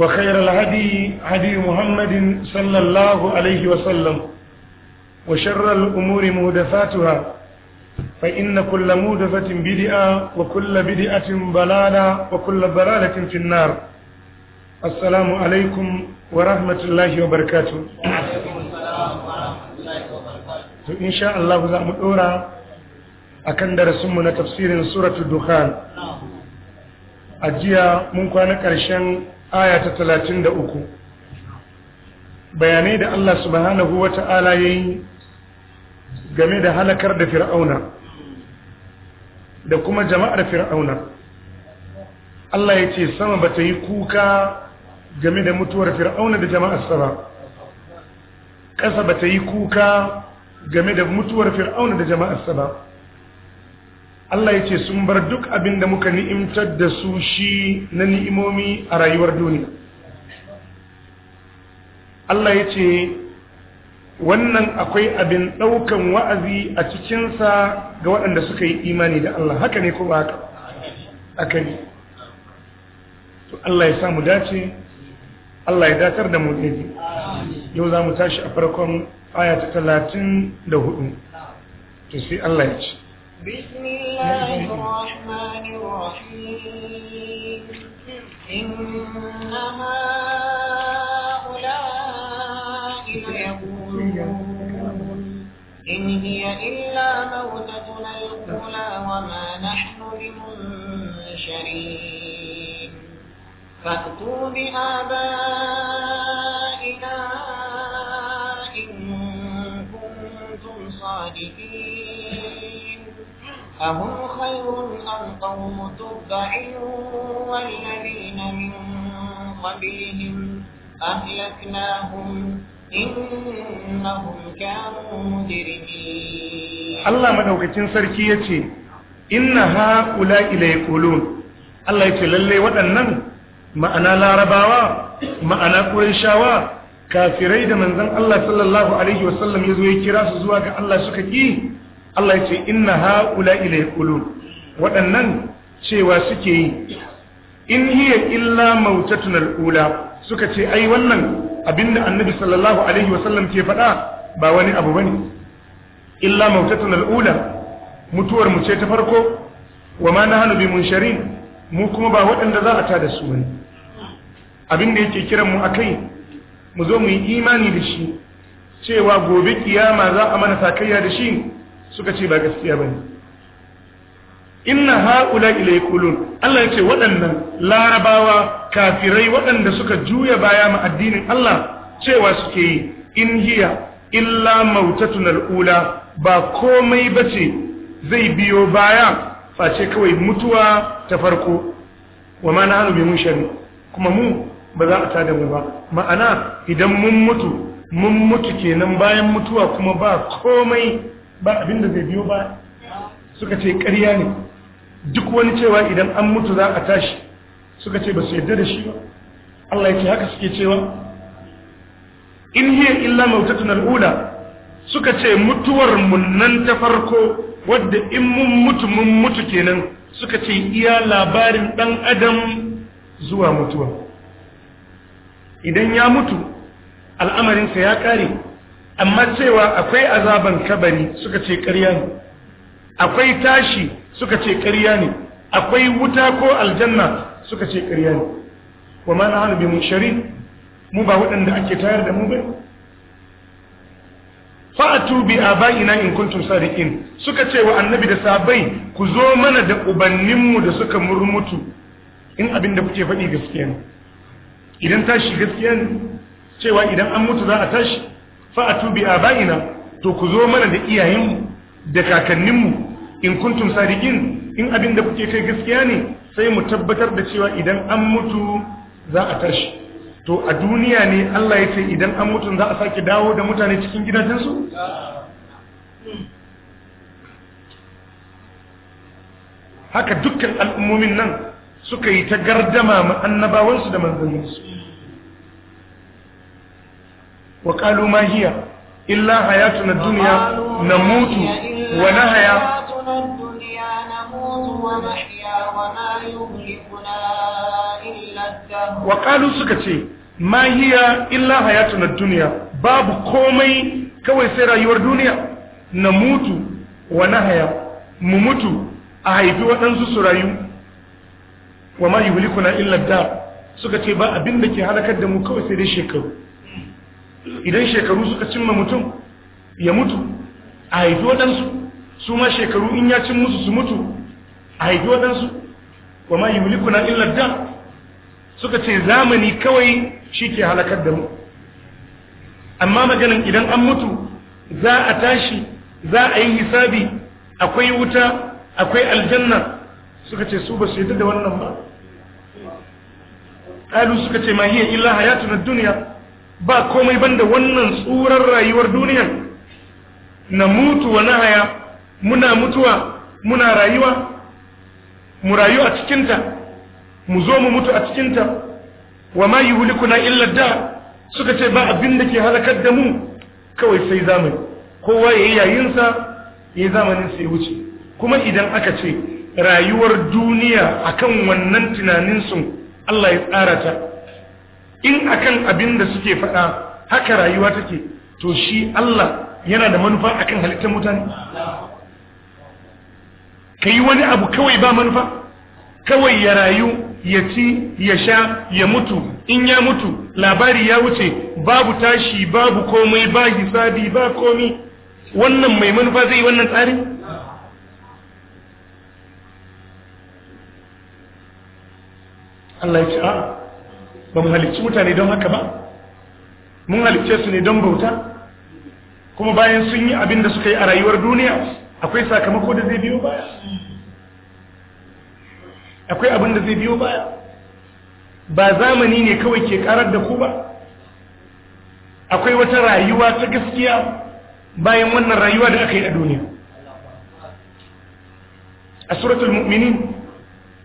وخير الهدي هدي محمد صلى الله عليه وسلم وشر الأمور مهدفاتها فإن كل مهدفة بدئة وكل بدئة بلالة وكل بلالة في النار السلام عليكم ورحمة الله وبركاته to insha Allah za mu dora akan darasinmu na tafsirin suratul dukhan a jiya mun kwana ƙarshen aya ta talatin da uku bayanai da Allah subhanahu wa ta'ala ya yi game da halakar da fir'auna da kuma jama'ar fir'auna Allah ya ce sama ba ta yi kuka game da mutuwar fir'auna da jama'arsa ba ƙasa ba ta yi kuka game da mutuwar fir'auna da jama'arsa ba Allah ya ce sun bar duk abin da muka ni'imtar da su shi na ni'imomi a rayuwar duniya Allah ya ce wannan akwai abin ɗaukan wa'azi a cikinsa ga waɗanda suka yi imani da Allah haka ne ko ba haka a ne to Allah ya samu dace Allah ya datar da mu daidai yau za mu tashi a farkon baya ta talatin da hudu to sai Allah ya ce بسم الله الرحمن الرحيم إن هؤلاء ليقولون إن هي إلا موتتنا الأولى وما نحن بمنشرين فأتوا بآبائنا أهم خير أم قوم تبع والذين من قبلهم أهلكناهم إنهم كانوا مجرمين الله مدوكتين سركي يتي إن هؤلاء ليقولون Allah ya lalle waɗannan ma'ana larabawa ma'ana ƙurishawa kafirai da manzon Allah sallallahu alaihi wasallam ya zo ya kira su zuwa ga Allah suka ƙi Allah ya ce inna haula ila yaqulun waɗannan cewa suke yi in hiya illa mautatun al'ula suka ce ai wannan abinda annabi sallallahu alaihi wasallam ke faɗa ba wani abu bane illa mautatun al'ula mutuwar mu ce ta farko wa ma nahnu bi munsharin mu kuma ba waɗanda za a tada su bane abinda yake kiran mu akai mu zo mu yi imani da shi cewa gobe kiyama za a mana takayya da shi suka ce ba gaskiya bane inna haula ilai yaqulun Allah yace waɗannan larabawa kafirai waɗanda suka juya baya ma addinin Allah cewa suke yi in hiya illa mautatunal ula ba komai ce zai biyo baya face kawai mutuwa ta farko wa ma nahnu bi mushari kuma mu ba za a tada mu ba ma'ana idan mun mutu mun mutu kenan bayan mutuwa kuma ba komai ba abin da zai biyo ba suka ce ƙarya ne duk wani cewa idan an mutu za a tashi suka ce ba su yadda da shi ba Allah ya ce haka suke cewa in hiya illa mautatun al'ula suka ce mutuwar nan ta farko wadda in mun mutu mun mutu kenan suka ce iya labarin ɗan adam zuwa mutuwa idan ya mutu al'amarinsa ya ƙare. amma cewa akwai azaban kabari suka ce ƙarya ne akwai tashi suka ce ƙarya ne akwai wuta ko aljanna suka ce ƙarya ne wa ma hana bi munshari mu ba waɗanda ake tayar da mu ba fa'atu bi abaina in kuntum sadiqin suka ce wa annabi da sabai ku zo mana da ubanninmu da suka murmutu in abin da kuke faɗi gaskiya ne idan tashi gaskiya ne cewa idan an mutu za a tashi fa'atu bi abaina to ku zo mana da iyayenmu da kakanninmu in kuntum sadiqin in abin da kuke kai gaskiya ne sai mu tabbatar da cewa idan an mutu za a tashi to a duniya ne Allah ya ce idan an mutu za a sake dawo da mutane cikin gidajensu haka dukkan al'ummomin nan suka yi ta gardama annabawansu da manzanninsu wa qalu ma hiya illa hayatuna dunya namutu wa nahya wa suka ce ma hiya illa hayatuna dunya babu komai kawai sai rayuwar duniya namutu wa nahya mu mutu a haifi waɗansu su rayu wa ma yuhlikuna illa suka ce ba abinda ke halakar da mu kawai sai dai shekaru idan shekaru suka cimma mutum ya mutu a haifi waɗansu su ma shekaru in ya cin musu su mutu a haifi waɗansu wa ma yi na illar da suka ce zamani kawai shi ke halakar da mu amma maganin idan an mutu za a tashi za a yi hisabi akwai wuta akwai aljanna suka ce su ba su yadda da wannan ba ƙalu suka ce ma hiyar illa hayatu na duniya ba komai banda wannan tsurar rayuwar duniya na mutu wa haya muna mutuwa muna rayuwa mu rayu a cikinta mu zo mu mutu a cikinta wa ma yuhlikuna illa da suka ce ba abin da ke halakar da mu kawai sai zamani kowa ya yayi yayinsa yi zamanin sai wuce kuma idan aka ce rayuwar duniya akan wannan tunanin sun Allah ya tsara ta in akan abin da suke faɗa haka rayuwa take to shi Allah yana da manufa akan halittar mutane ka wani abu kawai ba manufa kawai ya rayu ya ci ya sha ya mutu in ya mutu labari ya wuce babu tashi babu komai ba hisabi ba komai wannan mai manufa zai wannan tsari Allah ya ce a'a ba mu halicci mutane don haka ba mun halicce su ne don bauta kuma bayan sun yi abin da suka yi a rayuwar duniya akwai sakamako da zai biyo baya akwai abin da zai biyo baya ba zamani ne kawai ke karar da ku ba akwai wata rayuwa ta gaskiya bayan wannan rayuwa da aka yi a duniya a suratul mu'minin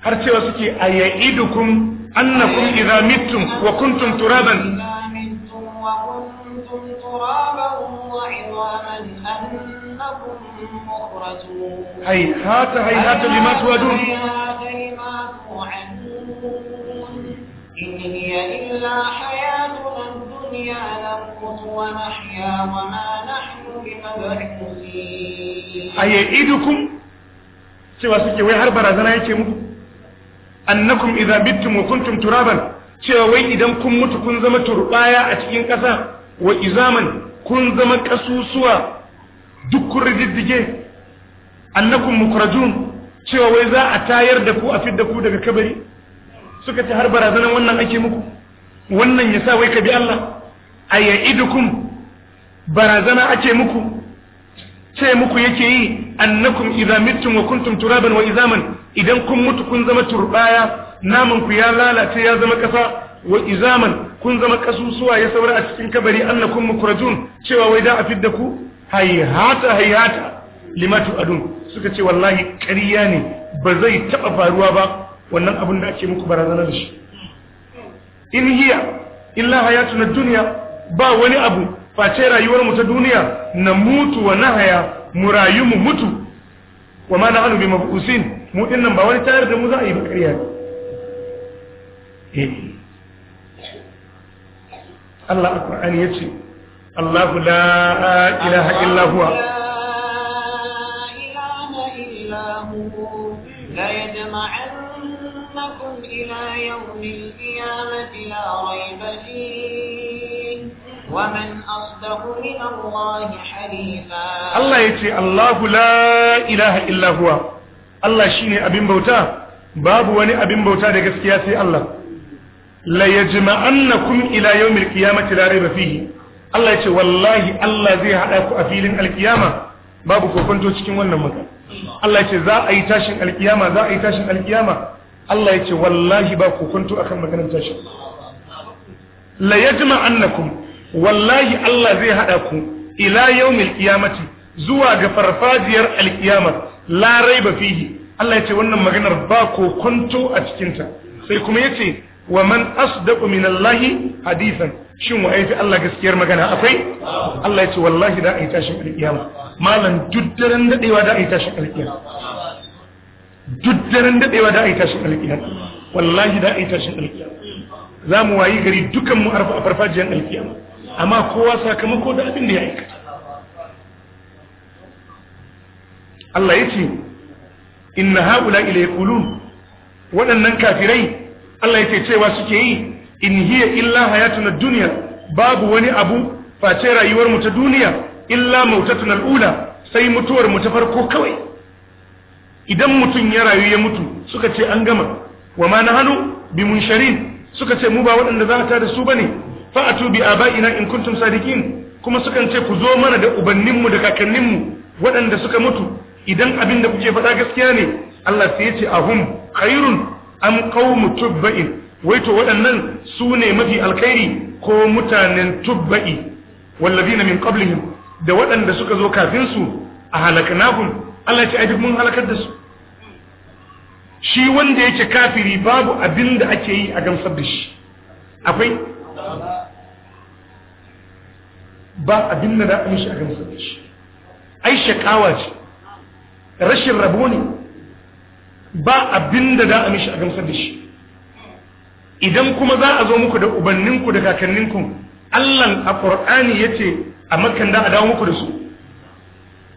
har cewa suke a ya'idukum أنكم إذا متم وكنتم ترابا وكنتم ترابا وعظاما أنكم هيهات هيهات لما توعدون إن هي إلا حياتنا الدنيا نموت ونحيا وما نحن بمبعوثين أيئدكم سوى سكي ويحر برزنا يكي annakum idza bittum wa kuntum turaban cewa wai idan kun mutu kun zama turbaya a cikin ƙasa wa izaman kun zama kasusuwa duk kun riddige annakum mukrajun cewa wai za a tayar da ku a fidda ku daga kabari suka ce har barazanan wannan ake muku wannan yasa wai ka bi Allah A aya'idukum barazana ake muku ce muku yake yi annakum idza mittum wa kuntum turaban wa izaman idan kun mutu kun zama turbaya naman ku ya lalace ya zama kasa wa izaman kun zama kasusuwa ya saura a cikin kabari annakum mukrajun cewa wai da a fidda ku hayhata hayhata limatu adun suka ce wallahi ƙarya ne ba zai taba faruwa ba wannan abin da ake muku barazana da shi in hiya illa hayatuna dunya ba wani abu face rayuwar mu ta duniya na mutu wa nahaya mu rayu mu mutu wa ma na'anu bi mabusin mu dinnan ba wani tayar da mu za a yi ba ƙarya eh. Allah alqur'ani yace Allahu la ilaha illa huwa لا يجمعنكم إلى يوم القيامة لا ريب فيه ومن أصدق من الله حديثا الله يتي الله لا إله إلا هو الله شيني أبين بوتا باب وني أبين بوتا دي قسكياتي الله لا يجمعنكم إلى يوم القيامة لا ريب فيه الله يتي والله الله زي حقاك أفيل القيامة باب كوكنتو تشكين ونن مكان Allah ya ce za a yi tashin alkiyama za a yi tashin alkiyama Allah ya ce wallahi ba kokonto akan maganar tashin la yajma annakum wallahi Allah zai haɗa ku ila yawmil qiyamati zuwa ga farfajiyar alkiyama la raiba fihi Allah yace wannan maganar ba ko kwanto a cikin ta sai kuma yace wa man asdaqu min Allah hadithan shin wa yafi Allah gaskiyar magana akwai Allah yace wallahi da ai tashin alkiyama malan duddaran dadewa da ai tashin alkiyama duddaran dadewa da ai tashin alkiyama wallahi da ai tashin alkiyama zamu wayi gari dukan mu arfa farfajiyar alkiyama amma kowa sakamako da abin da ya aikata Allah ya ce inna haula ila yaqulun waɗannan kafirai Allah ya ce cewa suke yi in hiya illa hayatuna dunya babu wani abu face rayuwar mu ta duniya illa mautatuna alula sai mutuwar mu ta farko kawai idan mutun ya rayu ya mutu suka ce an gama wa ma nahanu bimunsharin suka ce mu ba waɗanda za ta da su bane fa'atu bi abaina in kuntum sadiqin kuma sukan ce ku zo mana da ubanninmu da kakanninmu waɗanda suka mutu idan abin da kuke faɗa gaskiya ne Allah sai ya ce ahum khairun am qaumu tubba'in wai to waɗannan su ne mafi alkhairi ko mutanen tubba'i walladina min qablihim da waɗanda suka zo kafin su a halaknahum Allah ce ai duk mun halakar da su shi wanda yake kafiri babu abin da ake yi a gamsar da shi akwai ba abin da za a mishi a gamsa da shi ai shakawa ce rashin rabo ne ba abin da za a mishi a gamsa da shi idan kuma za a zo muku da ubanninku da kakanninku allan a ƙor'ani ya ce a makan da a dawo muku da su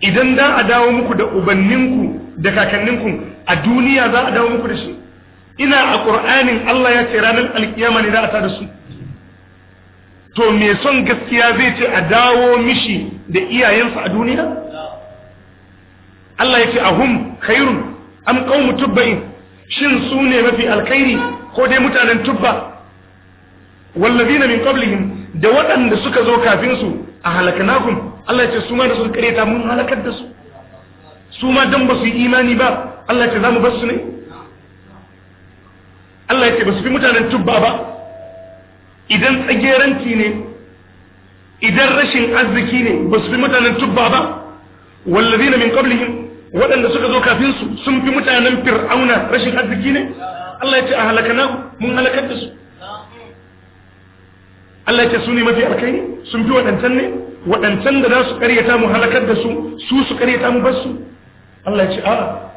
idan da a dawo muku da ubanninku da kakanninku a duniya za a dawo muku da shi ina a ƙor'anin allah ya ce ranar alkiyama ne za a ta da su to me son gaskiya zai ce a dawo mishi da iyayensa a duniya Allah ya ce a ahum khairun am qaumu tubba'in shin su ne mafi alkhairi ko dai mutanen tubba wallazina min qablihim da waɗanda suka zo kafinsu a halakanakun? Allah ya ce su ma da sun kareta mun halakar da su su ma dan ba su yi imani ba Allah ya ce za mu basu ne Allah ya ce ba su fi mutanen tubba ba idan tsageranci ne idan rashin arziki ne ba su fi mutanen tubba ba wallazina min qablihim waɗanda suka zo kafin su sun fi mutanen fir'auna rashin arziki ne Allah ya ce a halakana mun halakar da su Allah ya ce su ne mafi alkai sun fi waɗancan ne waɗancan da za su ƙaryata mu halakar da su su su ƙaryata mu basu Allah ya ce a'a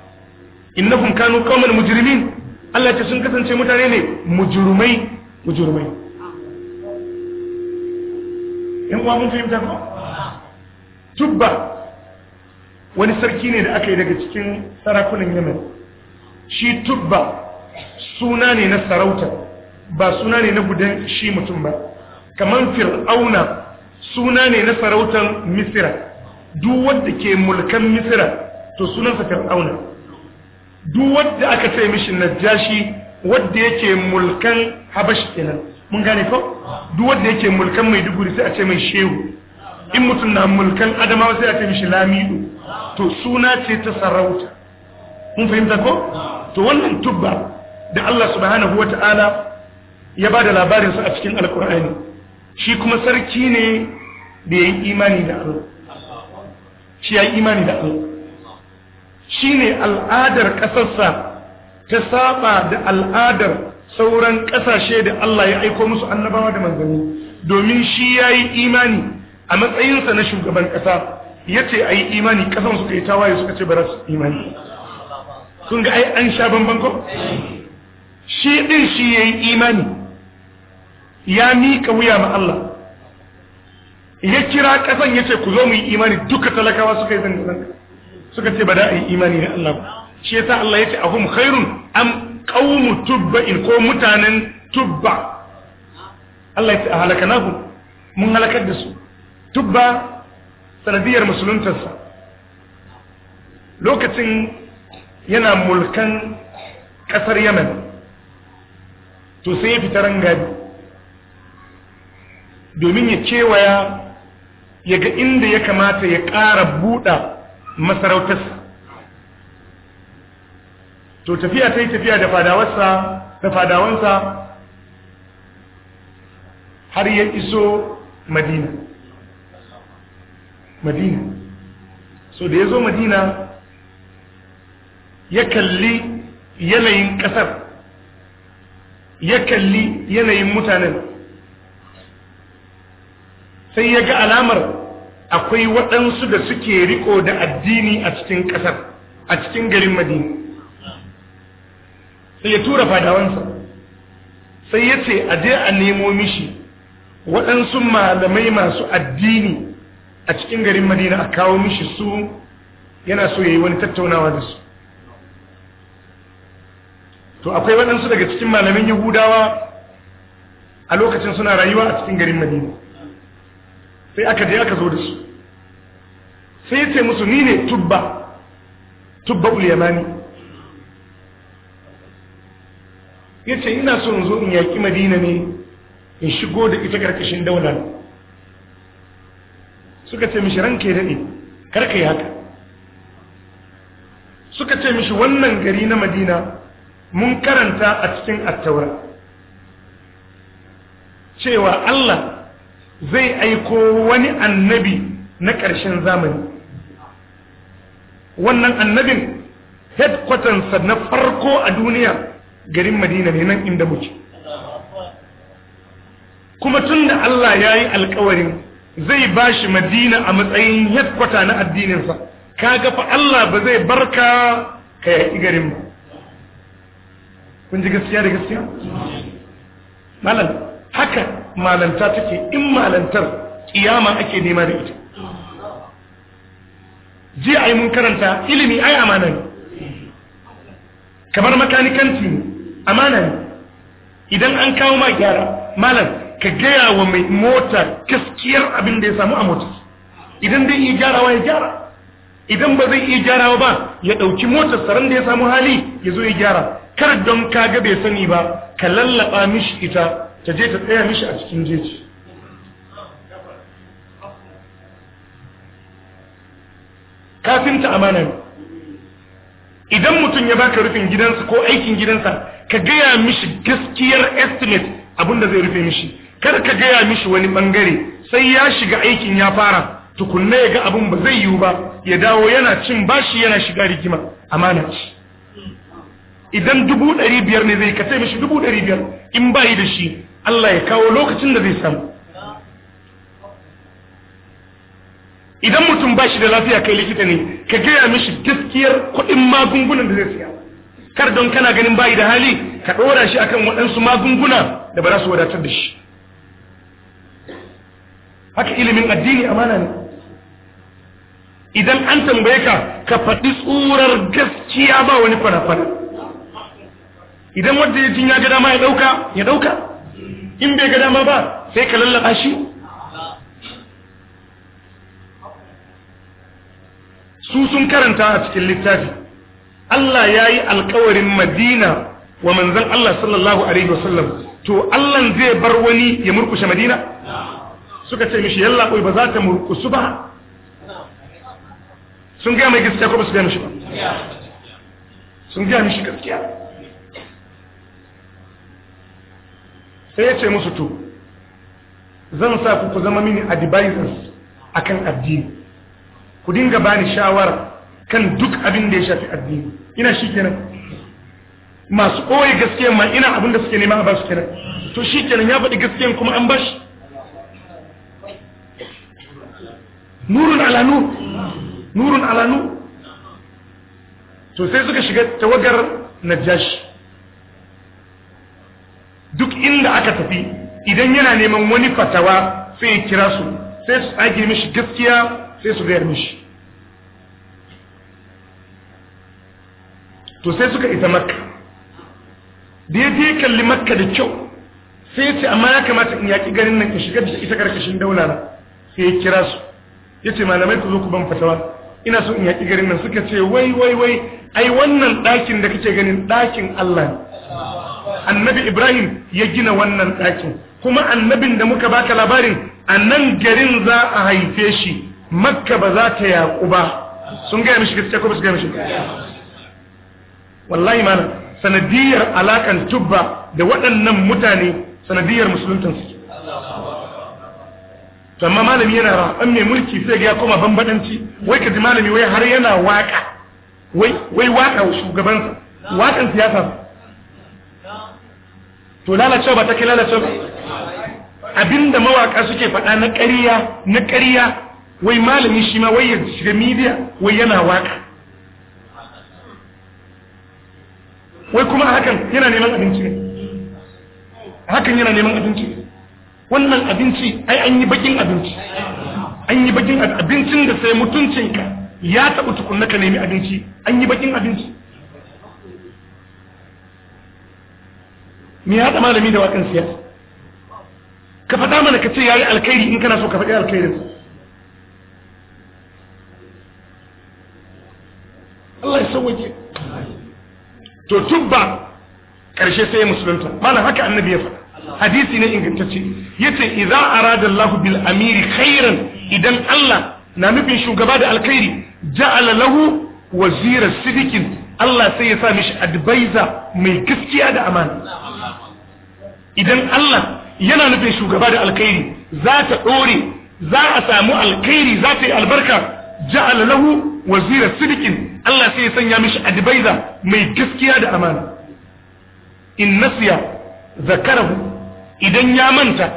innahum kanu qauman mujrimin Allah ya ce sun kasance mutane ne mujrimai mujrimai Yan uwa mun fahimta ko tubba wani sarki ne da aka yi daga cikin sarakunan yamen shi tubba suna ne na sarauta ba suna ne na gudan shi mutum ba kamar fir'auna suna ne na sarautan misira duk wadda ke mulkan misira to sunansa fir'auna duk wadda aka ce mishi najashi wadda yake mulkan habashi kenan mun gane ko duk wanda yake mulkan mai duguri sai a ce mai shehu in mutum na mulkan adamawa sai a ce mishi lamido to suna ce ta sarauta mun fahimta ko to wannan tubba da Allah subhanahu wata'ala ya ba da labarin sa a cikin alkur'ani shi kuma sarki ne da ya imani da Allah shi ya yi imani da Allah shi ne al'adar ƙasarsa ta saba da al'adar sauran ƙasashe da Allah ya aiko musu annabawa da manzanni domin shi ya yi imani a matsayinsa na shugaban ƙasa ya ce a yi imani ƙasan suka yi tawaye suka ce ba su imani sun ga ai an sha bamban ko shi ɗin shi ya yi imani ya miƙa wuya ma Allah ya kira ƙasan ya ce ku zo mu yi imani duka talakawa suka yi zanga suka ce ba da a yi imani ne Allah ba shi yasa Allah ya ce ahum khairun am qaumu tubba'in ko mutanen tubba Allah ya halakanahum mun halakar da su tubba sanadiyar musuluntarsa lokacin yana mulkan ƙasar Yemen to sai ya fita rangabi domin ya kewaya ya ga inda ya kamata ya ƙara buɗa masarautarsa to tafiya ta yi tafiya da fadawarsa da fadawansa har ya iso madina madina so da ya zo madina ya kalli yanayin ƙasar ya kalli yanayin mutanen sai ya ga alamar akwai waɗansu da suke riko da addini a cikin ƙasar a cikin garin madina sai ya tura fadawansa sai ya ce a je a nemo mishi waɗansu malamai masu addini a cikin garin madina a kawo mishi su yana so ya yi wani tattaunawa da su to akwai waɗansu daga cikin malamin yahudawa a lokacin suna rayuwa a cikin garin madina sai aka je aka zo da su sai ya ce musu ni ne tubba tubba ulyamani ya ce ina so in zo in yaƙi madina ne in shigo da ita ƙarƙashin daular suka ce mishi ranka ya daɗe karka yi haka suka ce mishi wannan gari na madina mun karanta a cikin attaura cewa Allah zai aiko wani annabi na ƙarshen zamani wannan annabin headquarters na farko a duniya garin madina ne nan inda muke kuma tun da Allah ya yi alkawarin zai ba shi madina a matsayin headkwata na addininsa kaga fa Allah ba zai barka ka yaƙi garin ba kun ji gaskiya da gaskiya? malam haka malanta take in malantar kiyama ake nema da ita ji a yi mun karanta ilimi ai amana ne kamar makanikanci ne amana ne idan an kawo ma gyara malam ka gaya wa mai mota gaskiyar abin da ya samu a motar idan zai iya gyarawa ya gyara idan ba zai iya gyarawa ba ya ɗauki motar saran da ya samu hali ya zo ya gyara kar don kaga bai sani ba ka lallaba mishi ita ta je ta tsaya mishi a cikin jeji kafinta amana ne idan mutum ya baka rufin gidansa ko aikin gidansa ka gaya mishi gaskiyar estimate abin da zai rufe mishi kar ka gaya mishi wani bangare sai ya shiga aikin ya fara tukunna ya ga abin ba zai yiwu ba ya dawo yana cin bashi yana shiga rigima amana ce idan dubu ɗari biyar ne zai ka mishi dubu ɗari biyar in bayi da shi Allah ya kawo lokacin da zai samu idan mutum ba shi da lafiya kai likita ne ka gaya mishi gaskiyar kuɗin magungunan da zai siya kar don kana ganin bayi da hali ka ɗora shi akan waɗansu magunguna da ba za su wadatar da shi haka ilimin addini amana ne idan an tambaye ka ka faɗi tsurar gaskiya ba wani fara-fara idan wanda ya jin ya ga dama ya ɗauka ya ɗauka in bai ga dama ba sai ka lallaba shi su sun karanta a cikin littafi Allah ya yi alkawarin madina wa manzan Allah sallallahu alaihi wasallam to Allah zai bar wani ya murkushe madina suka ce mishi yalla koi ba za ta murkusu ba sun gaya mai gaskiya ko ba su gaya mishi ba sun gaya mishi gaskiya sai ya ce musu to zan sa ku ku zama mini advisors akan addini ku dinga bani shawara kan duk abin da ya shafi addini ina shi kenan masu ɓoye gaskiya ma ina abin da suke nema a basu kenan to shi kenan ya faɗi gaskiyan kuma an bashi nurun al'anu, nur nurun ala to sai suka shiga tawagar najashi duk inda aka tafi idan yana neman wani fatawa sai ya kira su sai su tsage mishi gaskiya sai su gayar mishi to sai suka isa makka da ya kalli makka da kyau sai ya ce amma ya kamata in yaƙi garin nan in shiga da ita karkashin daula na sai ya kira su ya ce malamai ku zo ku ban fatawa ina so in yaƙi garin nan suka ce wai wai wai ai wannan ɗakin da kake ganin ɗakin Allah ne annabi ibrahim ya gina wannan ɗakin kuma annabin da muka baka labarin a nan garin za a haife shi makka ba za ta yaƙu ba sun gaya mishi gaske ko ba su gaya mishi wallahi mana sanadiyar alakan tubba da waɗannan mutane sanadiyar musuluntan su to amma malami yana ra an mai mulki sai ga ya koma bambadanci wai kaji malami wai har yana waka wai wai waka shugabansa wakan siyasa to lalacewa ba ta kai lalacewa abinda mawaka suke faɗa na ƙarya na ƙarya wai malami shi ma wai ya shiga media wai yana waka wai kuma hakan yana neman abinci ne hakan yana neman abinci wannan abinci ai an yi bakin abinci an yi bakin abincin da sai mutuncinka ya taɓa tukunna ka nemi abinci an yi bakin abinci me ya malami da wakan siyasa ka faɗa mana ka ce ya yi alkhairi in kana so ka faɗi alkhairinsa Allah ya sauke to tubba ƙarshe sai musulunta malam haka annabi ya faɗa hadisi ne ingantacce yace idza arada Allahu bil amiri khairan idan Allah na nufin shugaba da alkhairi ja'ala lahu wazira sidikin Allah sai ya sa mishi advisor mai gaskiya da amana idan Allah yana nufin shugaba da alkhairi za ta ɗore za a samu alkhairi za ta yi albarka ja'ala lahu wazira sidikin Allah sai ya sanya mishi advisor mai gaskiya da amana in nasiya zakarahu idan ya manta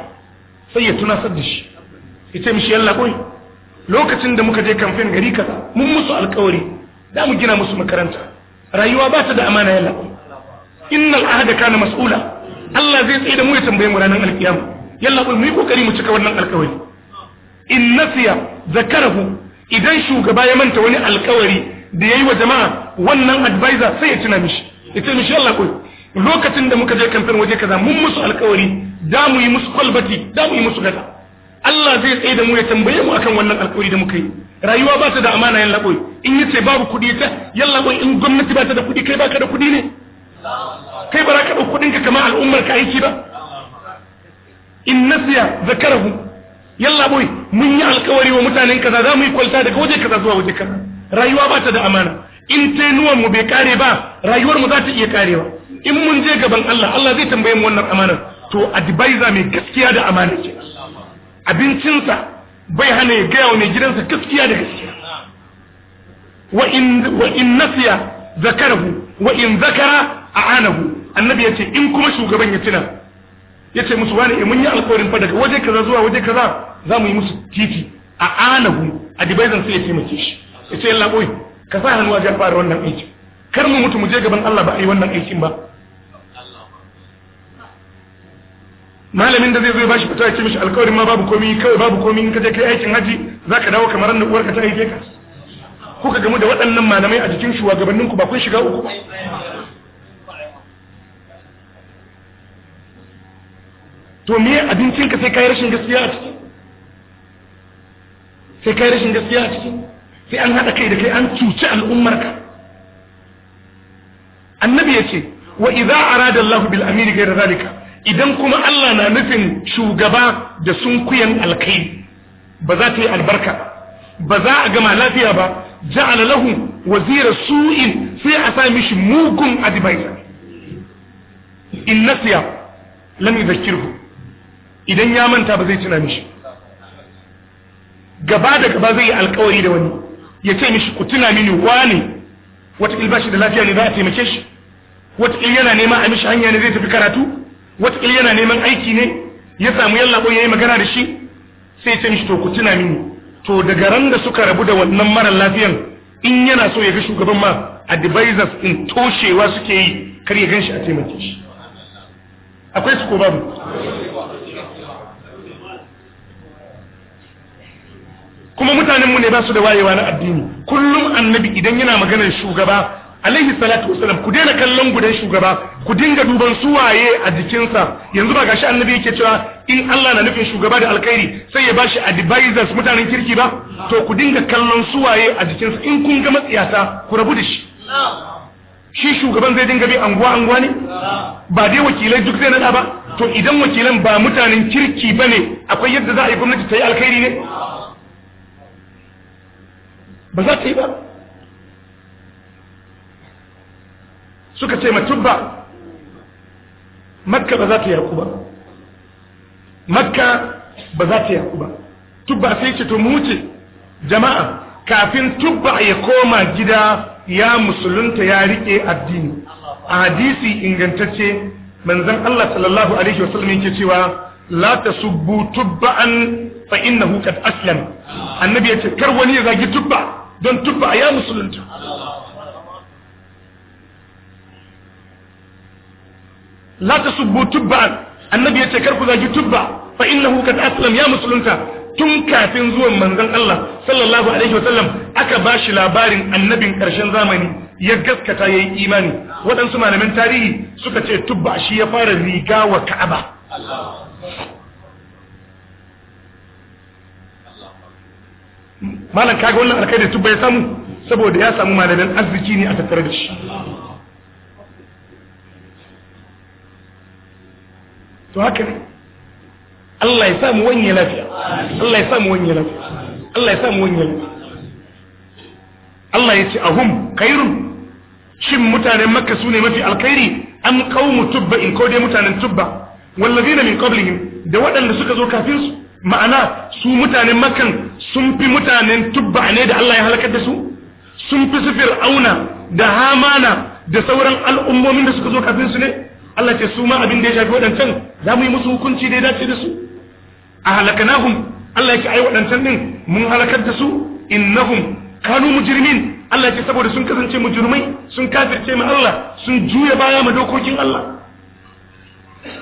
sai ya tunasar da shi ya ce mishi yalla koi lokacin da muka je kamfen gari kaza mun musu alkawari da mu gina musu makaranta rayuwa ba ta da amana yalla koi innal ahda kana mas'ula Allah zai tsaye da mu ya tambaye mu ranar alkiyama yalla koi mu yi kokari mu cika wannan alkawari in nasiya zakarahu idan shugaba ya manta wani alkawari da ya yi wa jama'a wannan advisor sai ya tuna mishi ya ce mishi Allah koyi lokacin da muka je kamfen waje kaza mun musu alkawari da mu yi musu kwalbati da mu yi musu gada Allah zai tsaye da mu ya tambaye mu akan wannan alkawari da muka yi rayuwa ba ta da amana yan laɓoyi in ce babu kuɗi ta yan laɓoyi in gwamnati ba ta da kuɗi kai baka da kuɗi ne kai ba za ka ɗauki kuɗinka kamar al'ummar ka aiki ba in nasiya zakarahu yan laɓoyi mun yi alkawari wa mutanen kaza za mu yi kwalta daga waje kaza zuwa waje kaza rayuwa ba ta da amana in tainuwan mu bai kare ba rayuwar mu za ta iya karewa in mun je gaban Allah Allah zai tambaye mu wannan amanar to advisor mai gaskiya da amana ce abincinsa bai hana ya gaya wa mai gidansa gaskiya da gaskiya wa in nasiya zakarahu wa in zakara a'anahu annabi yace in kuma shugaban ya tuna yace musu wani eh, mun yi alƙawarin fa daga waje kaza zuwa waje kaza za mu yi musu titi a'anahu advisor sai ya taimake shi yace yalla boy ka sa hannu wajen fara wannan aiki kar mu mutu mu je gaban Allah ba a yi wannan aikin ba malamin da zai zo bashi fita ya mishi alƙawarin ma babu komi kawai babu komi in ka je kai aikin haji zaka dawo kamar ran uwarka ta aike ka kuka gamu da waɗannan malamai a jikin shugabannin ku ba kun shiga uku to me abincin ka sai kai rashin gaskiya a ciki sai kai rashin gaskiya a ciki sai an haɗa kai da kai an cuci al'ummarka annabi ya ce wa idza arada Allah bil amiri ghayra zalika idan kuma Allah na nufin shugaba da sunkuyan alkai ba za ta yi albarka ba za a gama lafiya ba ja'ala lahu wazira su'in sai a sa mishi mugun adibaisa in nasiya lam yadhkirhu idan ya manta ba zai tuna mishi gaba da gaba zai yi alkawari da wani ya ce mishi ku tuna mini wani wataƙil ba shi da lafiya ne za a taimake shi wataƙil yana neman a mishi hanya ne zai tafi karatu wataƙil yana neman aiki ne ya samu yalla ko ya yi magana da shi sai ya ce mishi to ku tuna mini to daga ran da suka rabu da wannan mara lafiyan in yana so ya ga shugaban ma advisors in toshewa suke yi kar ya ganshi a taimake shi akwai su ko babu kuma mutanen mu ne ba su da wayewa na addini kullum annabi idan yana maganar shugaba alaihi salatu wasalam ku daina kallon gudan shugaba ku dinga duban su waye a jikinsa yanzu ba gashi annabi yake cewa in Allah na nufin shugaba da alkhairi sai ya bashi advisors mutanen kirki ba to ku dinga kallon su waye a jikinsa in kun ga matsiyata ku rabu da shi shi shugaban zai dinga bi anguwa anguwa ne ba dai wakilai duk zai nada ba to idan wakilan ba mutanen kirki bane akwai yadda za a yi gwamnati ta yi alkhairi ne ba za ta yi ba suka ce matubba makka ba za ta yaku ba makka ba za ta yaku ba tubba sai ce to mu jama'a kafin tubba ya koma gida ya musulunta ya rike addini a hadisi ingantacce manzon Allah sallallahu alaihi wasallam yake cewa la tasubbu tubba'an fa innahu qad aslama annabi yace kar wani ya zagi tubba don tubba ya musulunta la ta subbu annabi ya ce kar ku zagi tuba fa innahu kad aslam ya musulunta tun kafin zuwan manzon Allah sallallahu alaihi wasallam aka bashi labarin annabin karshen zamani ya gaskata yi imani waɗansu malaman tarihi suka ce tubba shi ya fara riga wa Ka'aba Allah malam kaga wannan alkhairi tubba ya samu saboda ya samu malamin arziki ne a tattare da shi to haka ne Allah ya samu wanye lafiya Allah ya samu wanye lafiya Allah ya samu wanye lafiya Allah ya ce ahum khairun shin mutanen makka su ne mafi alkhairi an qaumu tubba in ko dai mutanen tubba wallazina min qablihim da waɗanda suka zo kafin su ma'ana su mutanen makkan sun fi mutanen tubba ne da Allah ya halakar da su sun fi sufir auna da hamana da sauran al'ummomin da suka zo kafin su ne Allah ce su ma abin da ya shafi waɗancan za mu yi musu hukunci da ya dace da su a halakanahum Allah ya ce ai waɗancan din mun halakar da su innahum kanu mujrimin Allah ya ce saboda sun kasance mujrimai sun kafirce mu Allah sun juya baya ma dokokin Allah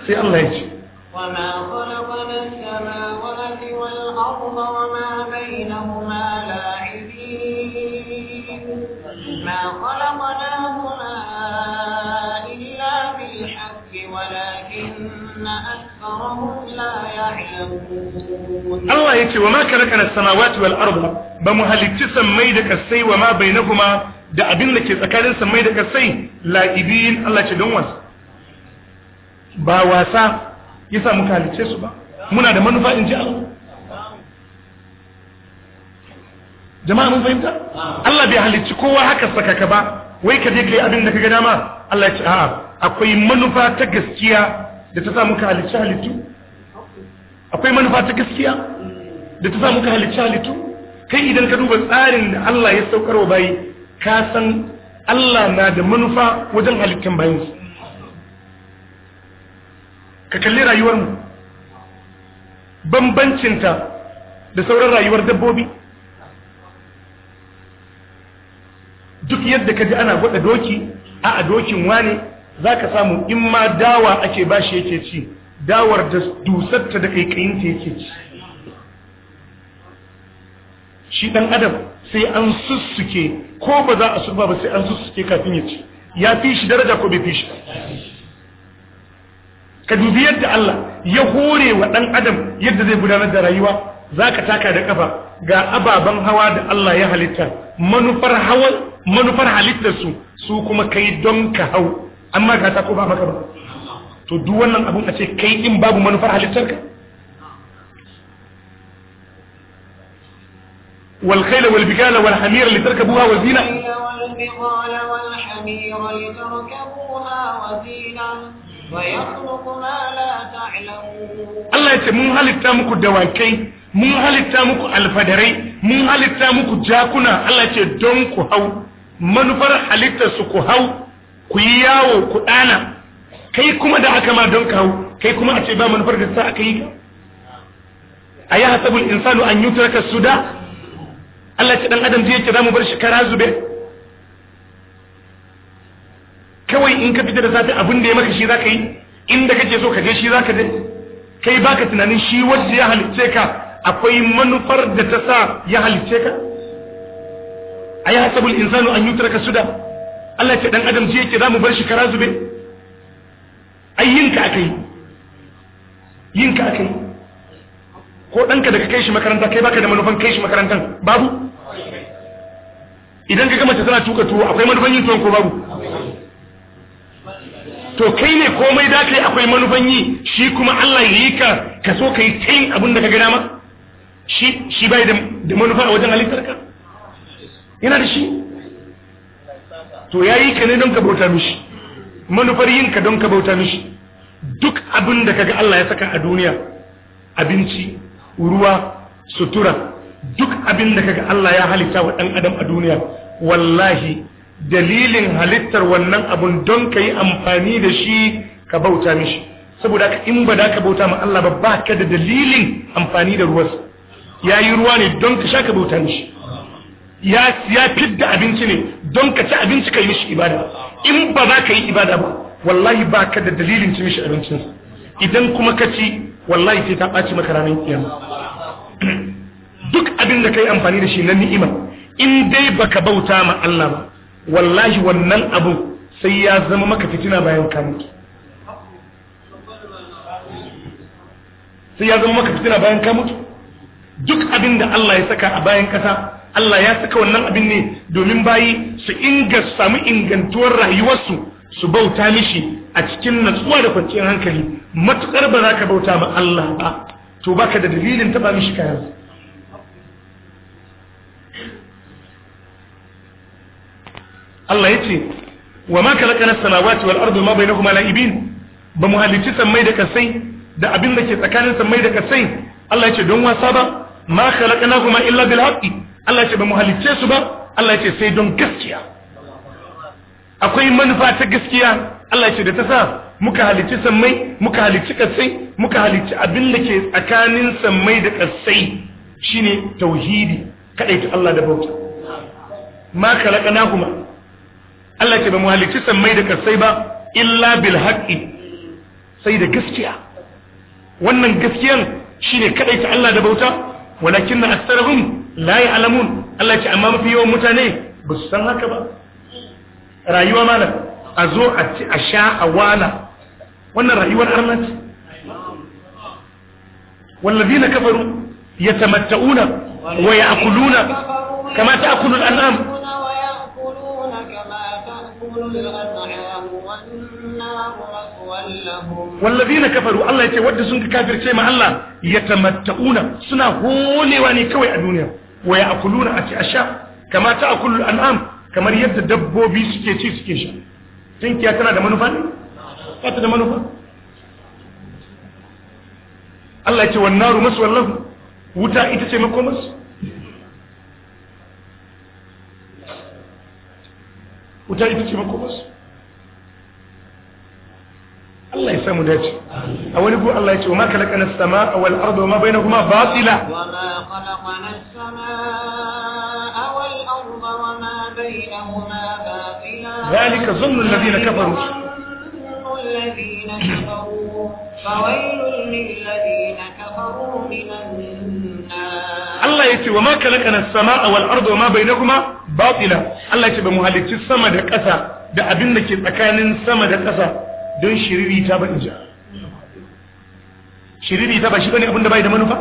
sai Allah ya ce وما خلقنا السماوات والأرض وما بينهما لاعبين ما خلقناهما إلا بالحق ولكن أكثرهم لا يعلمون الله يتي وما خلقنا السماوات والأرض بمهلتي سميدك السي وما بينهما da abin da ke tsakanin samai da kasai la'ibin Allah ce don wasu ba wasa yasa muka halice su ba muna da manufa in ji Allah jama'a mun fahimta Allah bai halicci kowa haka sakaka ba wai ka je kai abin da ga dama Allah ya ce a'a akwai manufa ta gaskiya da ta sa muka halicci halittu akwai manufa ta gaskiya da ta sa muka halicci halittu kai idan ka duba tsarin da Allah ya saukar wa bayi ka san Allah na da manufa wajen halittan bayansu ka kalli rayuwar mu bambancinta da sauran rayuwar dabbobi duk yadda ka ji ana gwada doki a a dokin wane za ka samu in ma dawa ake bashi yake ci dawar da dusarta da kaikayinta yake ci shi ɗan adam sai an sussuke ko ba za a su ba sai an sussuke kafin ya ci ya fi shi daraja ko bai fi shi ka dubi yadda Allah ya hore wa ɗan adam yadda zai gudanar da rayuwa za ka taka da kafa ga ababen hawa da Allah ya halitta manufar hawan manufar halittar su su kuma kai don ka hau amma ka ta ko ba maka ba to duk wannan abun a ce kai din babu manufar halittar ka wal khayla wal bikala wal hamira litarkabuha wa zina wal zina Allah ya ce mun halitta muku dawakai mun halitta muku alfadarai mun halitta muku jakuna Allah ya ce don ku hau manufar halittarsu ku hau ku yi yawo ku ɗana kai kuma da aka ma don hau kai kuma a ce ba manufar da sa aka yi ka a yi hasabul insanu an yi turaka su da Allah ce ɗan adam zai ce za mu bar shi kara zube in ka fita da safe abin da ya maka shi zaka yi inda kake so ka je shi zaka je kai baka tunanin shi wanda ya halicce ka akwai manufar da ta sa ya halicce ka ayi hasabul insanu an yutraka suda Allah ce dan adam ji yake zamu bar shi kara zube ayyinka akai yinka akai ko danka daga kai shi makaranta kai baka da manufan kai shi makarantan babu idan ka gama ta tana tuka tuwo akwai manufan yin tuwon ko babu to kai ne komai da kai akwai manufan yi shi kuma Allah yi ka ka so yi ta yin abin da ka gada ma shi shi bai da manufa a wajen halittar ka yana da shi to ya yi ka ne don ka bauta mishi manufar yin ka don ka bauta mishi duk abin da ka ga Allah ya saka a duniya abinci ruwa sutura duk abin da ka ga Allah ya halitta wa ɗan adam a duniya wallahi dalilin halittar wannan abun don ka yi amfani da shi ka bauta mishi saboda ka in ba da ka bauta ma Allah ba ba ka da dalilin amfani da ruwansa ya yi ruwa ne don ka sha ka bauta mishi ya fidda abinci ne don ka ci abinci ka yi mishi ibada in ba za ka yi ibada ba wallahi ba ka da dalilin ci mishi abincinsa idan kuma ka ci wallahi sai ta ɓaci maka ranar kiyama duk abin da ka yi amfani da shi na ni'ima in dai ba ka bauta ma Allah ba wallahi wannan abu sai ya zama maka fitina bayan ka mutu sai ya zama maka fitina bayan ka mutu duk abin da Allah ya saka a bayan kasa Allah ya saka wannan abin ne domin bayi su inga samu ingantuwar rayuwarsu su bauta mishi a cikin natsuwa da kwanciyar hankali matukar ba za ka bauta ma Allah ba to baka da dalilin taba mishi kayan Allah ya ce wa ma kalakana samawati wal ardu ma bainahuma la'ibin ba mu halicci sammai da kasai da abin da ke tsakanin sammai da kasai Allah ya ce don wasa ba ma kuma illa bil haqqi Allah ya ce ba mu halicce su ba Allah ya ce sai don gaskiya akwai manufa ta gaskiya Allah ya ce da ta sa muka halicci sammai muka halicci kasai muka halicci abin da ke tsakanin sammai da kasai shine tauhidi kadaita ta Allah da bauta ma kuma. Allah ce ba mu halicci sammai da kasai ba illa bil haqqi sai da gaskiya wannan gaskiyan shine kadai ta Allah da bauta walakin aktharuhum la ya'lamun Allah ce amma mafi yawan mutane ba su san haka ba rayuwa malam a zo a ci a sha a wala wannan rayuwar arna ce wallazina kafaru yatamatta'una wa ya'kuluna kama ta'kulu al-an'am تأكل الأنعام والنار مثوى لهم والذين كفروا الله يتي ود سنك كافر شيما الله يتمتعون سنا هولي واني كوي الدنيا ويأكلون أتي أشاء كما تأكل الأنعام كما يد دبو بي سكي تي سكي شا تنكي أتنا دا منفا أتنا دا منفا الله يتي والنار مثوى لهم wuta ita ce makomarsu wuta ita ce makomarsu Allah ya samu dace a wani gu Allah ya ce wa ma kalakana sama wal arda wa ma bainahuma batila wa ma khalaqana as-samaa wal arda wa ma bainahuma batila zalika zannu alladhina kafaru alladhina kafaru fawailun lil ladina kafaru min Allah ya ce wa ma kalakana sama'a wal arda wa ma bai kuma batila Allah ya ce ba mu halicci sama da ƙasa da abin da ke tsakanin sama da ƙasa don shiriri ta ba inja shiriri ta ba shi bane abin da bai da manufa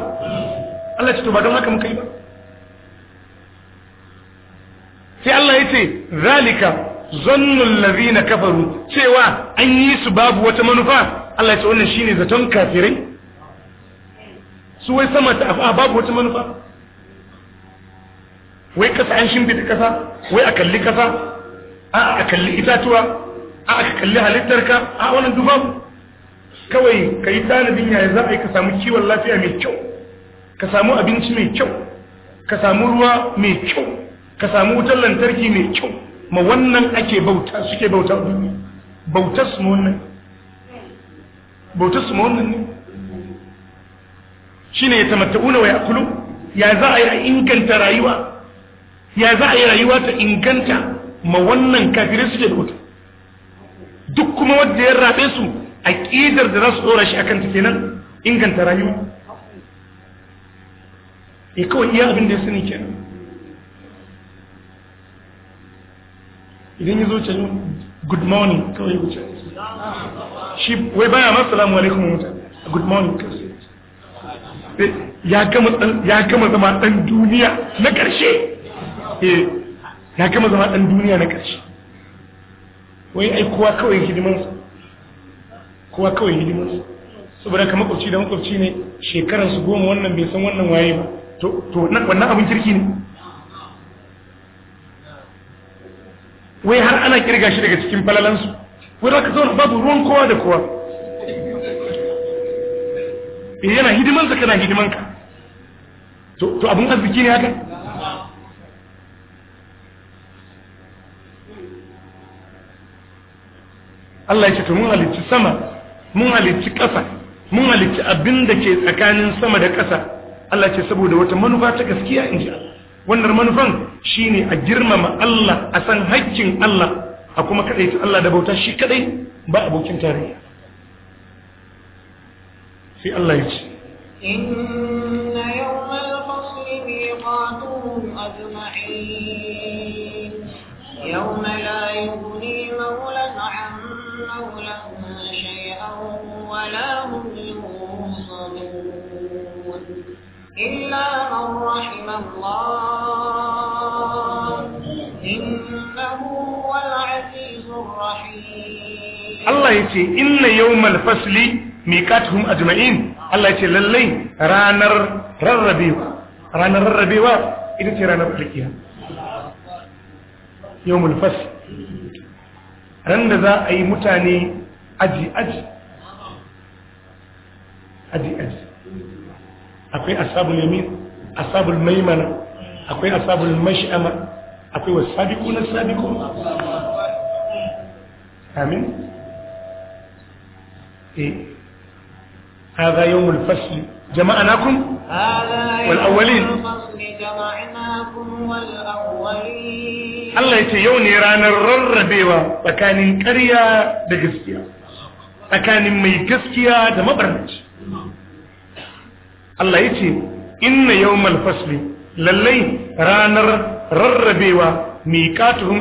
Allah ya ce to ba don haka muka yi ba sai Allah ya ce zalika zannul ladina kafaru cewa an yi su babu wata manufa Allah ya ce wannan shine zaton kafirai su wai sama ta afa babu wata manufa wai kasa an da kasa wai a kalli kasa a a kalli itatuwa a a kalli halittarka a wannan duk babu kawai ka yi tanadin yaya za a yi ka samu kiwon lafiya mai kyau ka samu abinci mai kyau ka samu ruwa mai kyau ka samu wutar lantarki mai kyau ma wannan ake bauta suke bauta duniya bautar su ma wannan bautar su ma wannan ne shine ya tamatta'una wa ya'kulu ya za a yi a inganta rayuwa ya za a yi rayuwa ta inganta ma wannan kafirai suke da wuta duk kuma wanda ya rabe su a ƙidar da za su ɗora shi akan ta kenan inganta rayuwa e kawai iya abin da ya sani kenan idan yi zo can good morning kawai wuce shi wai baya ma salamu alaikum mutane good morning kawai ya kama ya zama dan duniya na ƙarshe. Eh, ya kama zama dan duniya na ƙarshe wai ai kowa kawai hidimansu? kowa kawai hidimansu saboda kamar kurci da makwabci ne shekaran su goma wannan bai san wannan waye ba to wannan abin kirki ne wai har ana kirga shi daga cikin falalansu wai za ka zauna babu ruwan kowa da kowa Eh, yana hidimansa kana hidimanka to abin arziki ne haka Allah ya ce to mun halicci sama mun halicci ƙasa mun halicci abin da ke tsakanin sama da ƙasa Allah ce saboda wata manufa ta gaskiya in ji wannan manufan shine a girmama Allah a san haƙƙin Allah a kuma kaɗai ta Allah da bauta shi kaɗai ba abokin tarayya في الله يجي إن يوم الفصل ميقاتهم أجمعين يوم لا يغني مولى عن مولى شيئا ولا هم ينصرون إلا من رحم الله إنه هو العزيز الرحيم الله يجي إن يوم الفصل miqatuhum ajma'in Allah ya ce lallai ranar rarrabewa ranar rarrabewa ita ce ranar alkiya yawmul fasl ran da za a yi mutane aji aji aji aji akwai ashabul yamin ashabul maimana akwai ashabul mash'ama akwai wasabiquna sabiqun amin eh هذا يوم الفصل جمعناكم والأولين الله يتيون يران الرر بيوا فكان انكريا بقسكيا فكان امي قسكيا دم برنج الله يتي إن يوم الفصل للي ران الرر بيوا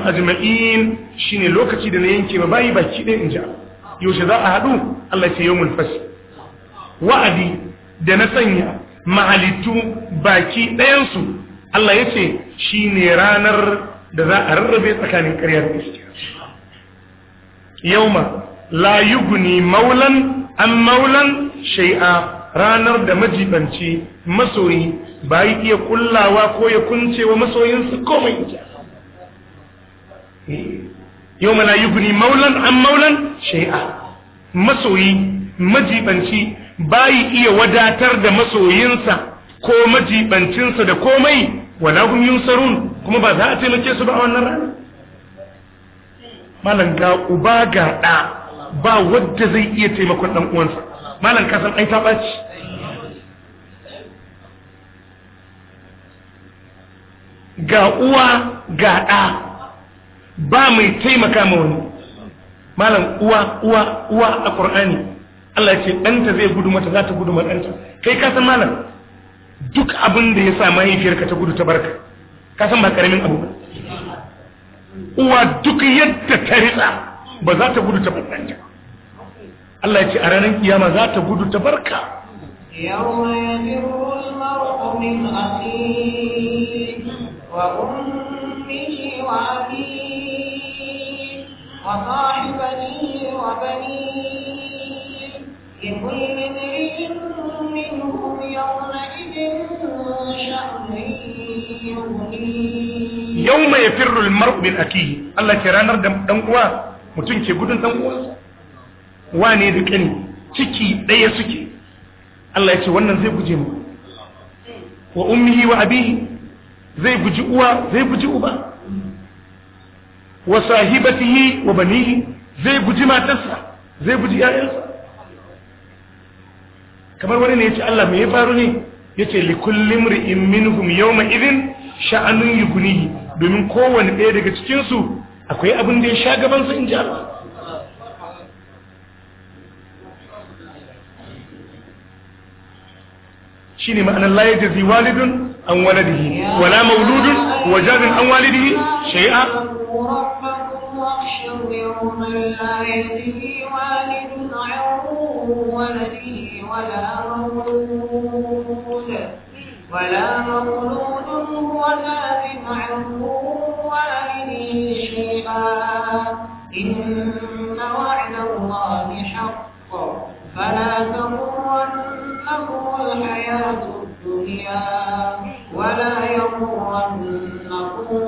أجمعين شيني لوكتي دنينكي وباي باكي دين جاء يوشي ذا الله يتي يوم الفصل wa'adi da na sanya mahalittu baki ɗayansu Allah ya ce shi ne ranar da za a rarrabe tsakanin ƙaryar gaskiya yauma la guni maulan an maulan shai'a ranar da majibanci masoyi ba yi iya kullawa ko ya kuncewa masoyinsu komai ita yau mana guni maulan an maulan shai'a masoyi majibanci bayi iya wadatar da masoyinsa ko majibancinsa da komai wala hum yunsarun kuma ba za a taimake su ba a wannan rana malam ga uba ga da ba wadda zai iya taimakon dan uwansa malam ka san ai ta baci ga uwa ga da ba mai taimaka ma wani malam uwa uwa uwa a qur'ani Allah ce ɗanta zai gudu mata za ta gudu ma ɗanta kai ka san malam duk abin da ya sa mahaifiyarka ta gudu ta barka ka san ba karamin abu ba uwa duk yadda ta ritsa ba za ta gudu ta bar ɗanta Allah ce a ranar kiyama za ta gudu ta barka يوم يفر المرء من وبنيه لكل امرئ منهم يومئذ a ke yi. Allah من أكيه ranar da دم uwa mutum ke gudun dan uwansa wane da kani ciki daya suke Allah ya ce wannan zai guje mu wa ummihi wa abihi zai guji uwa zai guji uba wa sahibatihi wa banihi zai guji matarsa zai guji 'ya'yansa kamar wani ne ya ce Allah me ya faru ne ya ce likullin ri'in minhum yau ma'izin sha'anun yugunihi domin kowane ɗaya daga cikinsu akwai abin da ya sha gabansu in ji Allah shi ne ma'anar laye da zi walidun an waladihi wala mauludun wajarin an walidihi shai'a ربك ولده ولا مولود ولا مولود هو كاذب عنه والده شيئا إن وعد الله حق فلا تغرنكم الحياة الدنيا ولا يغرنكم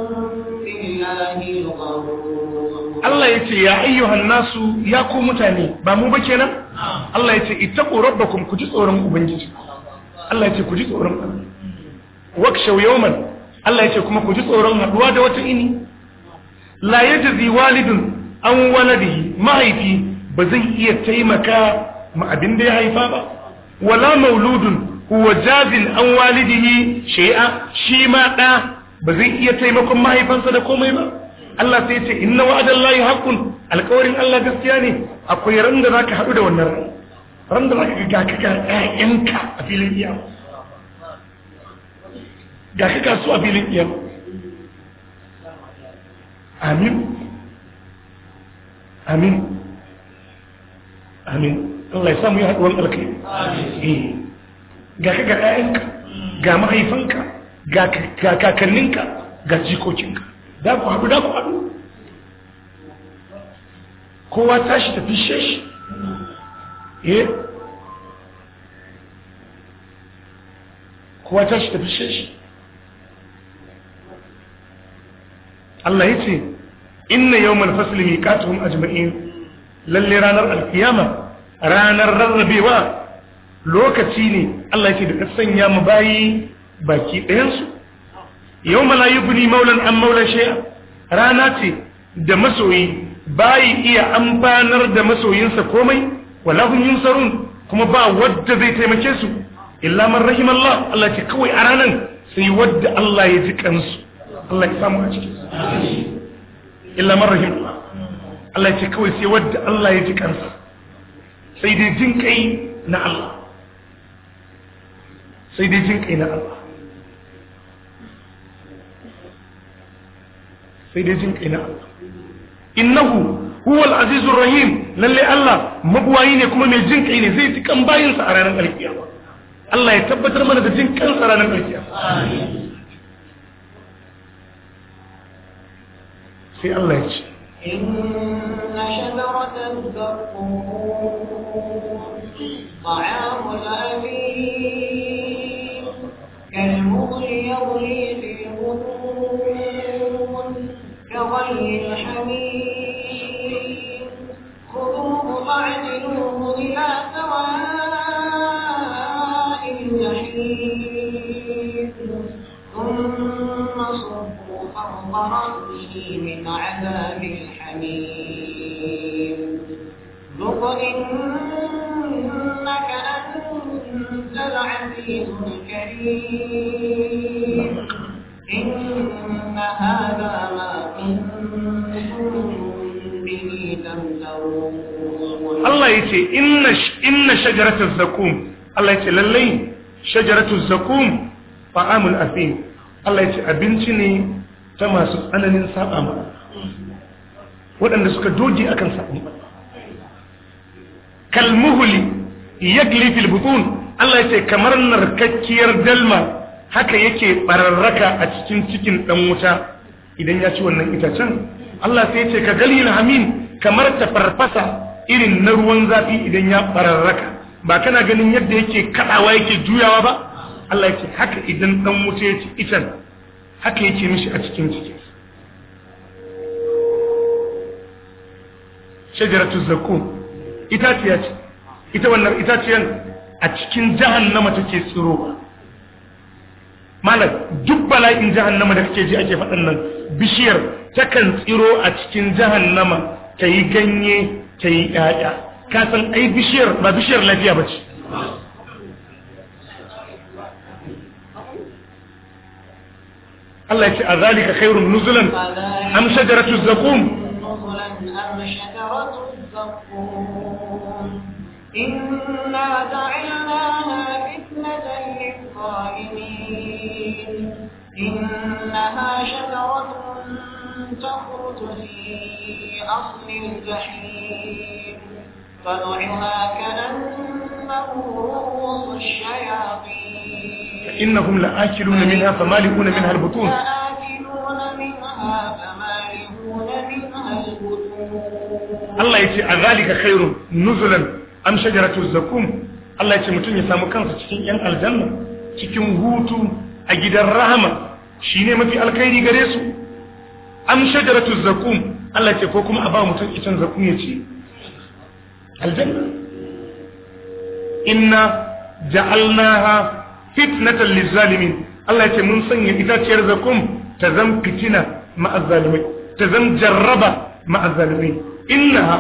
بالله الغرور Allah ya ce ya ayyuhan nasu ya ku mutane ba mu ba kenan Allah ya ce ittaqu rabbakum ku ji tsoron ubangiji Allah ya ce ku ji tsoron Allah yawman Allah ya ce kuma ku ji tsoron haɗuwa da wata ini la yajzi walidun an waladihi mahaifi ba zai iya taimaka ma abin da ya haifa ba wala mauludun huwa jazin an walidihi shi'a shi ma ɗa. ba zai iya taimakon mahaifansa da komai ba Allah sai ya ce inna wa'adallahi haqqun alkawarin Allah gaskiya ne akwai ran da ka haɗu da wannan ran da zaka ga ka ga ƴaƴanka a filin iyam ga ka kasu a filin iyam amin amin amin Allah ya samu yi haɗuwar alkai eh. ga ka ga ƴaƴanka ga mahaifanka ga kakanninka ga jikokinka za ku haɗu da ku haɗu kowa tashi ta fishe shi eh kowa tashi ta shi Allah ya ce inna yawmal fasli miqatuhum ajma'in lalle ranar alkiyama ranar rarrabewa lokaci ne Allah ya ce da sanya mu bayi baki ɗayansu yau mala yi buni maulan an maula shaya rana ce da masoyi bayi iya amfanar da masoyinsa komai yin yunsarun kuma ba wadda zai taimake su illa man rahim Allah Allah ce kawai a ranan sai wadda Allah ya ji kansu Allah ya samu a ciki illa man rahim Allah Allah ce kawai sai wadda Allah ya ji kansu sai dai jin kai na Allah sai dai jin kai na Allah sai dai jin kai na Allah إنه هو العزيز الرحيم للي الله مبوعين يكون من الجنك إلي زيت كم باين سعرانا ملك يا الله يثبت يتبت رمنا ذا جنك كان سعرانا ملك الله في الله إن شجرة الزرقوم طعام الأمين shajaratu zakum Allah ya ce lallai shajaratu zakum Fa'amun asim Allah ya ce abinci ne ta masu tsananin saba waɗanda suka doge akan saba kalmuhuli yagli fil Allah ya ce kamar narkakkiyar dalma haka yake bararraka a cikin cikin dan wuta idan ya ci wannan itacen Allah sai ya ce ka galil hamin kamar ta farfasa irin na ruwan zafi idan ya bararraka ba kana ganin yadda yake kadawa yake juyawa ba Allah yake haka idan dan wuta yake itan haka yake mishi a cikin cikin shajaratu zakum ita ce ita wannan ita itaciyan a cikin jahannama take tsiro malam duk bala'in jahannama da kake ji ake fadan nan bishiyar takan tsiro a cikin jahannama ta yi ganye ta yi 'ya'ya كاتن اي بشير ما بشير لا فيها بش الله يسأل ذلك خير نزلا أم شجرة الزقوم نزلا أم شجرة الزقوم إنا جعلنا فتنة للظالمين إنها شجرة تخرج في أصل الجحيم طلعها فإنهم لآكلون منها فمالئون منها البطون Allah ya ce a zalika khairun nuzulan am shajaratu zakum Allah ya ce mutum ya samu kansa cikin yan aljanna cikin hutu a gidan rahama shine mafi alkhairi gare su am shajaratu zakum Allah ya ce ko kuma a ba mutum itan ya ce aljanna inna ja'alnaha fitnatan lizzalimin Allah yace mun sanya itaciyar zakum ta zam fitina ma'azzalimai ta zam jarraba ma'azzalimai innaha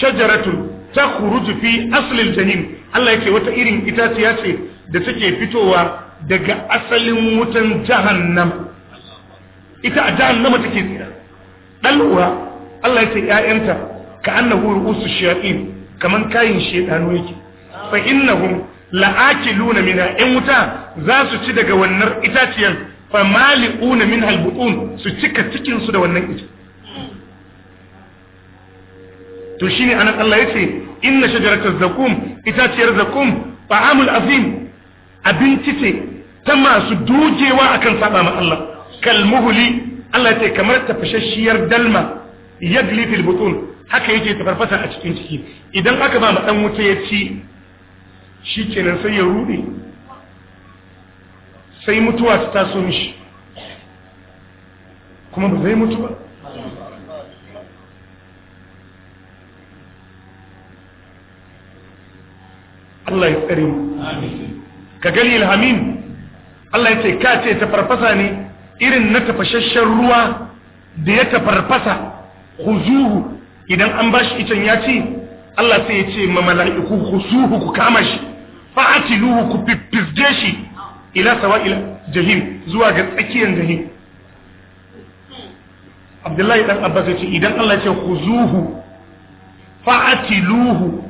shajaratun takhruju fi asli aljahim Allah yace wata irin itaciya ce da take fitowa daga asalin wutan jahannam ita a jahannama take tsira dalwa Allah yace ƴaƴanta ka annahu ru'usu shayatin kaman kayin shedanu yake fa innahum la'akiluna minha in wuta za su ci daga wannan itaciyar fa mali'una minha albutun su cika cikin su da wannan ita to shine anan Allah yace inna shajaratal zakum itaciyar zakum ta'amul azim abinci ce ta masu dujewa akan saba ma Allah kalmuhli Allah yace kamar tafashashiyar dalma yagli fil butun haka yake tafarfasa a cikin ciki idan aka ba dan wuta ya ci shi kenan sai ya rude sai mutuwa ta taso mishi kuma ba zai mutu ba Allah ya tsare mu ka gani ilhamin Allah ya ce ka ce tafarfasa ne irin na tafashashen ruwa da ya tafarfasa huzuhu idan an bashi icen ya ci Allah sai ya ce ma mala'iku khusuhu ku kama shi atiluhu ku fiffizge shi ila sawa'il jahim zuwa ga tsakiyar jahim Abdullahi dan Abbas ya ce idan Allah ya ce khuzuhu atiluhu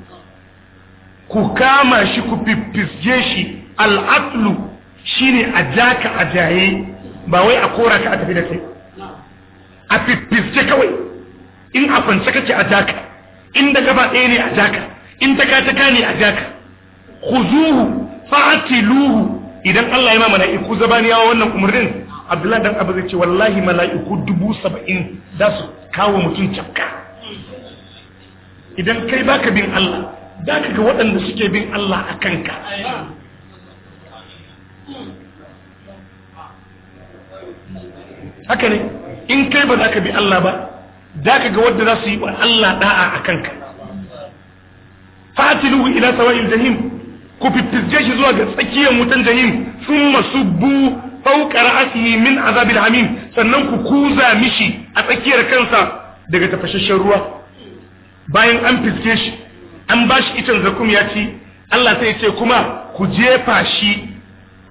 ku kama shi ku fiffizge shi al'atlu shine a ajaye a ba wai a kora ka a tafi da kai a fiffizge kawai in a kwance kake a jaka in da gaba ɗaya ne a jaka in taka ka ne a jaka khuzuhu fa'tiluhu idan Allah ya ma mala'iku zabaniyawa wannan umarnin Abdullahi dan Abu zai ce wallahi mala'iku dubu saba'in za su kawo mutum cakka idan kai baka bin Allah za ka ga waɗanda suke bin Allah a kanka haka ne in kai ba za ka bi Allah ba da ka ga wadda za su yi wa Allah da'a a kanka fatiluhu ila sawa'il jahim ku fiffirce shi zuwa ga tsakiyar wutan jahim sun masu fawqa ra'sihi min azabil hamim sannan ku kuza mishi a tsakiyar kansa daga tafashashen ruwa bayan an fiske shi an bashi itan zakum ya ci Allah sai ya ce kuma ku jefa shi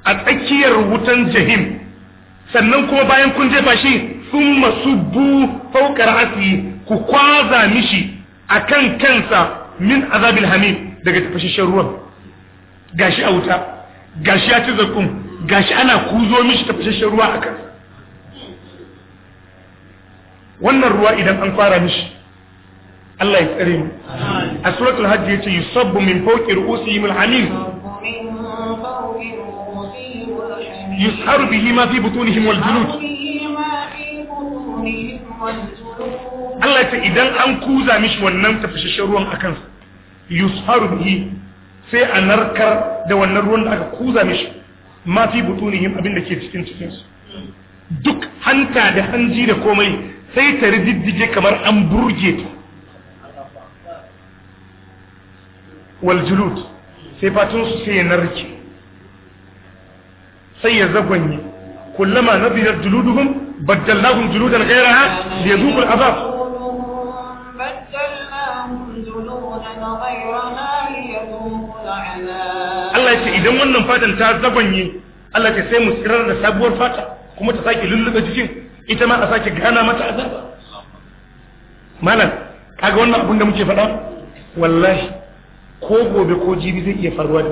a tsakiyar wutan jahim sannan kuma bayan kun jefa shi sun masubbu faukar ra'asi ku kwaza mishi a kan kansa min azabil hamim daga tafashashen ruwan gashi a wuta gashi ya ci zakkum gashi ana kuzo mishi tafashashen ruwa a kansa wannan ruwa idan an fara mishi Allah ya tsare mu a suratul hajj yace yusabbu min fawqi ru'usihim al-hamim yusharu bihi ma fi butunihim wal julud Allah ya ce idan an kuza mishi wannan tafashashen ruwan a kansa yusharu bihi sai a narkar da wannan ruwan da aka kuza mishi ma fi butunihim abin da ke cikin cikinsu duk hanta da hanji da komai sai ta rididdige kamar an burge ta Waljulut sai fatunsu sai ya narke sai ya zagonye kullama nabilar juluduhum بدلناهم جلودا غيرها ليذوقوا العذاب Allah ya ce idan wannan fatan ta zabanye Allah ya sai mu tsirar da sabuwar fata kuma ta sake lullube jikin ita ma a sake gana mata azaba malam kaga wannan abun da muke faɗa wallahi ko gobe ko jibi zai iya faruwa da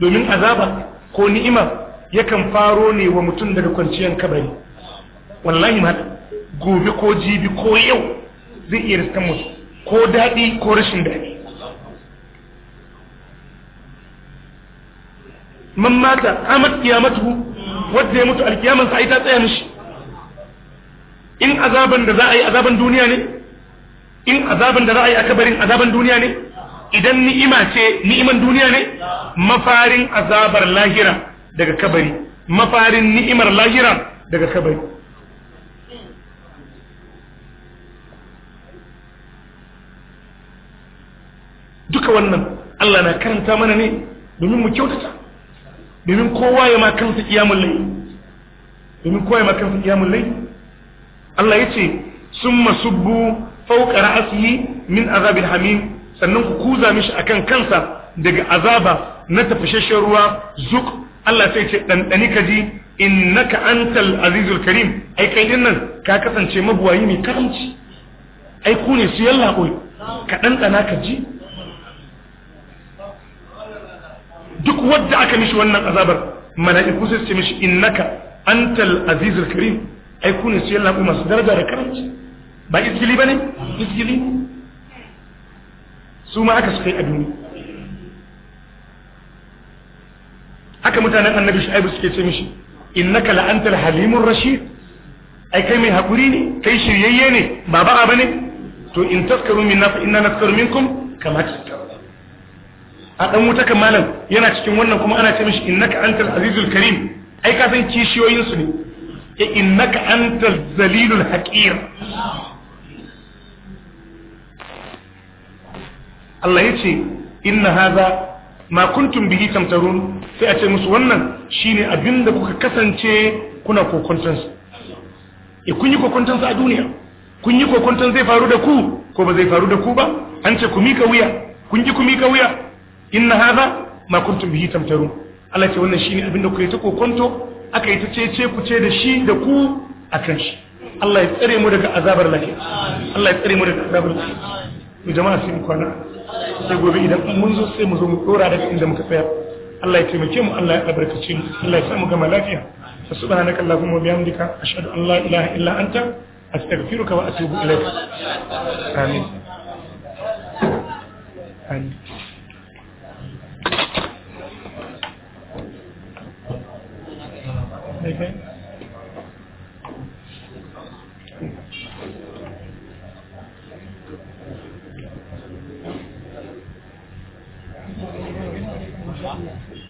domin azaba ko ni'ima yakan faro ne wa mutum daga kwanciyar kabari wallahi ma gobe ko jibi ko yau zai iya riskan musu ko daɗi ko rashin daɗi man mata amat kiyamatu wadda ya mutu alkiyamansa ai ta tsaya mishi in azaban da za a yi azaban duniya ne in azaban da za a yi a azaban duniya ne idan ni'ima ce ni'iman duniya ne mafarin azabar lahira daga kabari mafarin ni'imar lahira daga kabari duka wannan Allah na karanta mana ne domin mu kyautata domin kowa ya ma kansa kiyamun lai domin kowa ya ma kansa kiyamun lai Allah ya ce sun masubbu fauka ra'asihi min azabin hamim sannan ku kuza mishi akan kansa daga azaba na tafashashen ruwa zuk Allah sai ce ɗanɗani ka ji in naka innaka antal azizul karim ai kai din nan ka kasance mabuwayi mai karamci ai ku ne su yalla koi ka ɗanɗana ka ji duk wadda aka mishi wannan azabar mana mala'iku sai su ce mishi innaka antal azizul karim ai ku ne su yalla koi masu daraja da karamci ba iskili ba ne, iskili su ma aka su kai a duniya haka mutanen annabi shu'aibu suke ce mishi innaka la antal halimur rashid ai kai mai hakuri ne kai shiryayye ne ba ba'a bane to in taskaru minna fa inna naskaru minkum kama taskaru a dan wuta kan malam yana cikin wannan kuma ana ce mishi innaka antal azizul karim ai ka san kishiyoyin su ne e innaka antal zalilul haqir Allah yace inna hadha ma kuntum bihi tamtarun sai a ce musu wannan shine abinda kuka kasance kuna kokonton su e eh, kun yi kokonton su a duniya kun yi kokontan zai faru da ku ko ba zai faru da ku ba an ce ku mika wuya kun ji ku mika wuya inna hadha ma kuntum bihi tamtarun Allah ce wannan shine abinda kuka yi ta kokonto aka yi ta cece ku ce da shi da ku akan shi Allah ya tsare mu daga azabar lafiya Allah ya tsare mu daga azabar lafiya mu jama'a sai mu kwana sai gobe idan mun zo sai mu zo mu dora daga inda muka tsaya Allah ya taimake mu Allah ya albarkace mu Allah ya sa mu gama lafiya subhanaka allahumma wa bihamdika ashhadu an la ilaha illa anta astaghfiruka wa atubu ilaik amin amin Okay. Tá?